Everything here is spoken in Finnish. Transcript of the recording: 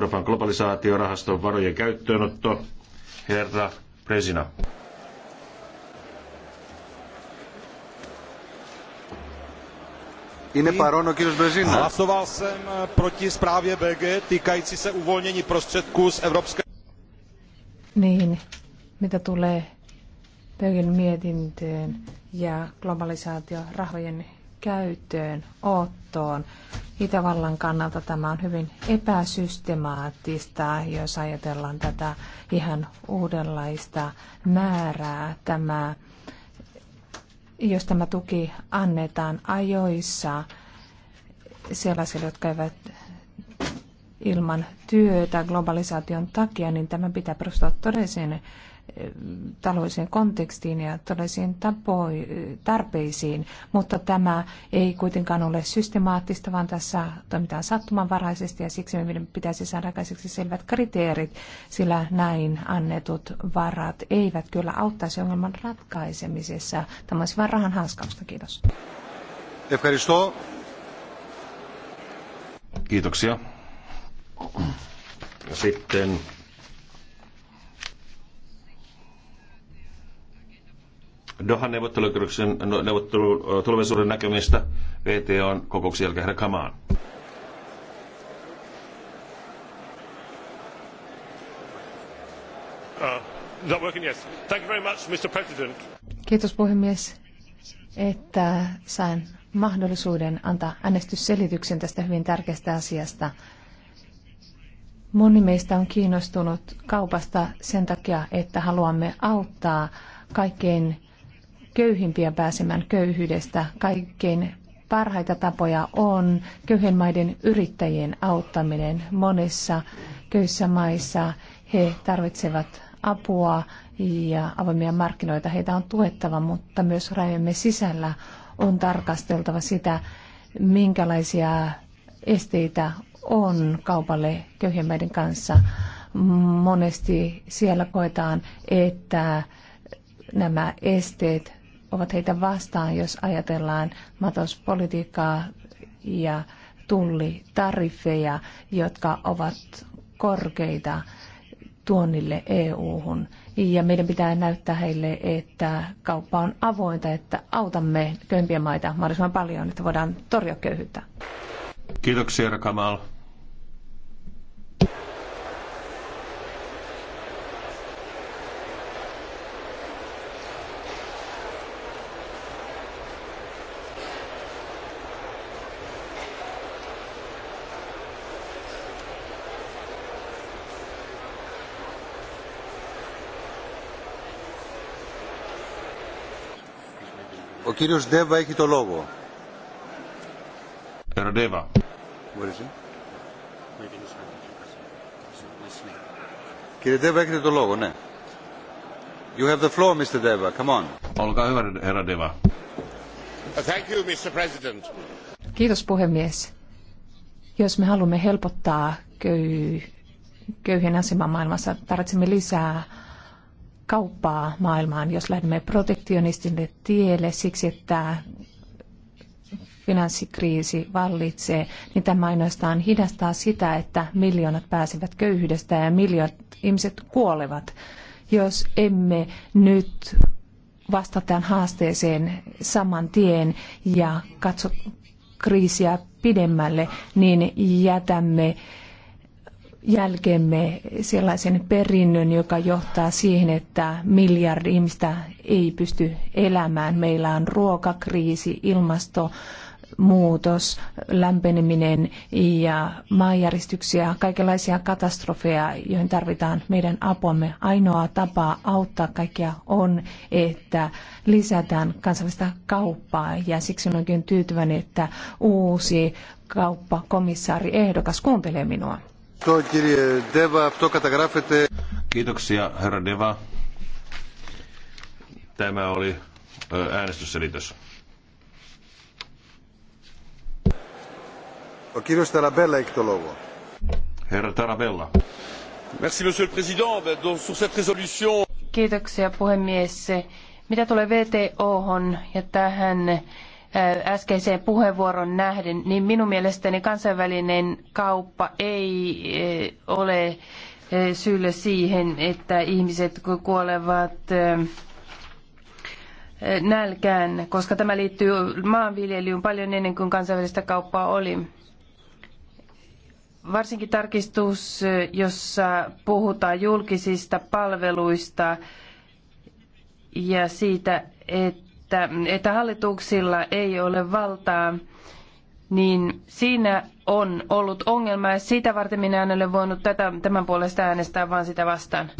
Euroopan globalisaatiorahaston varojen käyttöönotto. Herra Presina. Είναι παρόν ο κύριος Μπεζίνα. Hlasoval jsem eh, proti zprávě BG týkající se uvolnění prostředků z Evropské... Niin, mitä tulee Bögen mietintöön ja globalisaatio rahojen käyttöön ottoon. Itävallan kannalta tämä on hyvin epäsystemaattista, jos ajatellaan tätä ihan uudenlaista määrää. Tämä, jos tämä tuki annetaan ajoissa sellaisille, jotka eivät ilman työtä globalisaation takia, niin tämä pitää perustua todelliseen taloudelliseen kontekstiin ja todellisiin tarpeisiin, mutta tämä ei kuitenkaan ole systemaattista, vaan tässä toimitaan sattumanvaraisesti ja siksi meidän pitäisi saada aikaiseksi selvät kriteerit, sillä näin annetut varat eivät kyllä auttaisi ongelman ratkaisemisessa. Tämä olisi vain rahan haaskausta. Kiitos. Kiitoksia. Ja sitten Dohan neuvottelukierroksen no, neuvottelu, tulevaisuuden näkemistä VTOn kokouksen jälkeen herra Kamaan. Uh, Kiitos puhemies, että sain mahdollisuuden antaa äänestysselityksen tästä hyvin tärkeästä asiasta. Moni meistä on kiinnostunut kaupasta sen takia, että haluamme auttaa kaikkein köyhimpiä pääsemään köyhyydestä. Kaikkein parhaita tapoja on köyhien maiden yrittäjien auttaminen. Monissa köyhissä maissa he tarvitsevat apua ja avoimia markkinoita. Heitä on tuettava, mutta myös rajojemme sisällä on tarkasteltava sitä, minkälaisia esteitä on kaupalle köyhien maiden kanssa. Monesti siellä koetaan, että nämä esteet ovat heitä vastaan, jos ajatellaan matospolitiikkaa ja tullitariffeja, jotka ovat korkeita tuonnille EU-hun. Ja meidän pitää näyttää heille, että kauppa on avointa, että autamme köyhimpiä maita mahdollisimman paljon, että voidaan torjua köyhyyttä. Kiitoksia, Rakamal. Ο κύριος Ντέβα έχει το λόγο. Herra Deva. Κύριε Ντέβα, έχετε το λόγο, ναι. You have the floor, Mr. Deva. Come on. Olkaa hyvä, herra Deva. Thank you, Mr. President. Kiitos puhemies. Jos me haluamme helpottaa köy, köyhien asemaa maailmassa, tarvitsemme lisää kauppaa maailmaan, jos lähdemme protektionistille tielle siksi, että finanssikriisi vallitsee, niin tämä ainoastaan hidastaa sitä, että miljoonat pääsevät köyhyydestä ja miljoonat ihmiset kuolevat, jos emme nyt vasta tähän haasteeseen saman tien ja katso kriisiä pidemmälle, niin jätämme jälkeemme sellaisen perinnön, joka johtaa siihen, että miljardi ihmistä ei pysty elämään. Meillä on ruokakriisi, ilmasto, muutos, lämpeneminen ja maanjäristyksiä, kaikenlaisia katastrofeja, joihin tarvitaan meidän apuamme. Ainoa tapa auttaa kaikkia on, että lisätään kansainvälistä kauppaa ja siksi on oikein tyytyväinen, että uusi kauppakomissaari ehdokas kuuntelee minua. Kiitoksia, herra Deva. Tämä oli äänestysselitys. Ο κύριος Herra Tarabella. Merci, monsieur le président. Donc, sur cette résolution... Kiitoksia, puhemies. Mitä tulee VTO-hon ja tähän äskeiseen puheenvuoron nähden, niin minun mielestäni kansainvälinen kauppa ei ole syyllä siihen, että ihmiset kuolevat nälkään, koska tämä liittyy maanviljelyyn paljon ennen kuin kansainvälistä kauppaa oli. Varsinkin tarkistus, jossa puhutaan julkisista palveluista ja siitä, että että, että hallituksilla ei ole valtaa, niin siinä on ollut ongelma ja sitä varten minä en ole voinut tätä, tämän puolesta äänestää, vaan sitä vastaan.